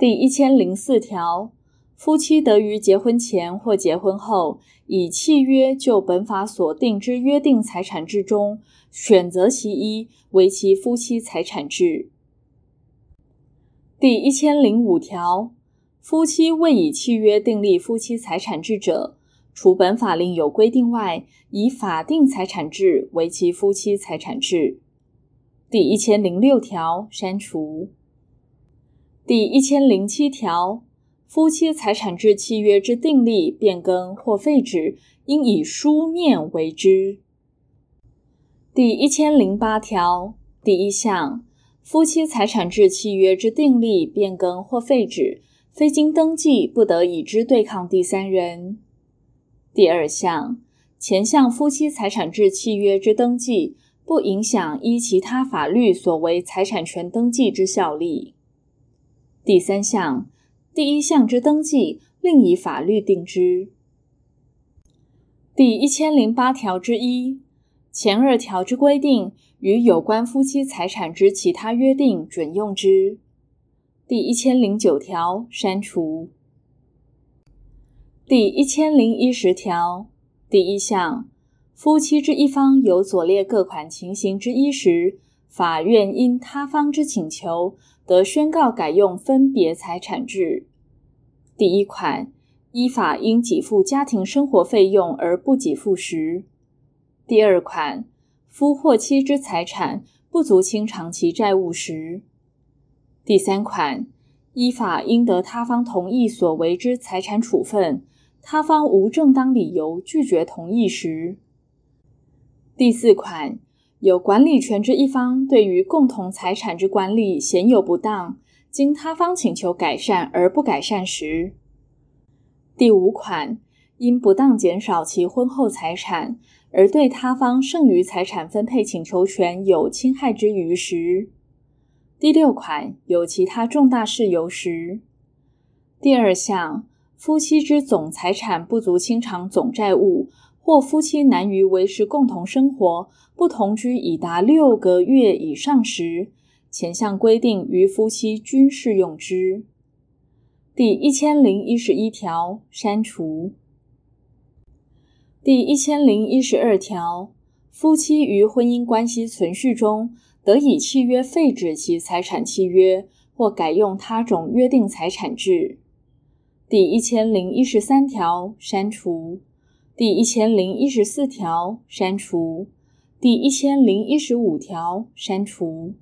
第一千零四條，夫妻得於結婚前或結婚後，以契約就本法所定之約定財產制中，選擇其一為其夫妻財產制。第一千零五條，夫妻未以契約訂立夫妻財產制者，除本法另有規定外，以法定財產制為其夫妻財產制。第一千零六條，刪除。第一千零七條，夫妻財產制契約之訂立、變更或廢止，應以書面為之。第一千零八條，第一項，夫妻財產制契約之訂立、變更或廢止，非經登記不得以之對抗第三人。第二項，前項夫妻財產制契約之登記，不影響依其他法律所為財產權登記之效力。第三項，第一項之登記，另以法律定之。第一千零八條之一，前二條之規定與有關夫妻財產之其他約定準用之。第一千零九條，刪除。第一千零一十條，第一項，夫妻之一方有左列各款情形之一時，法院因他方之請求。得宣告改用分別財產制。第一款，依法應給付家庭生活費用而不給付時；第二款，夫或妻之財產不足清償其債務時；第三款，依法應得他方同意所為之財產處分，他方無正當理由拒絕同意時；第四款。有管理權之一方對於共同財產之管理顯有不當，經他方請求改善而不改善時；第五款，因不當減少其婚後財產而對他方剩餘財產分配請求權有侵害之虞時；第六款，有其他重大事由時；第二項，夫妻之總財產不足清償總債務，或夫妻難於維持共同生活，不同居已達六個月以上時，前項規定於夫妻均適用之。第一千零一十一條刪除。第一千零一十二條，夫妻於婚姻關係存續中得以契約廢止其財產契約，或改用他種約定財產制。第一千零一十三條刪除。第一千零一十四條刪除，第一千零一十五條刪除。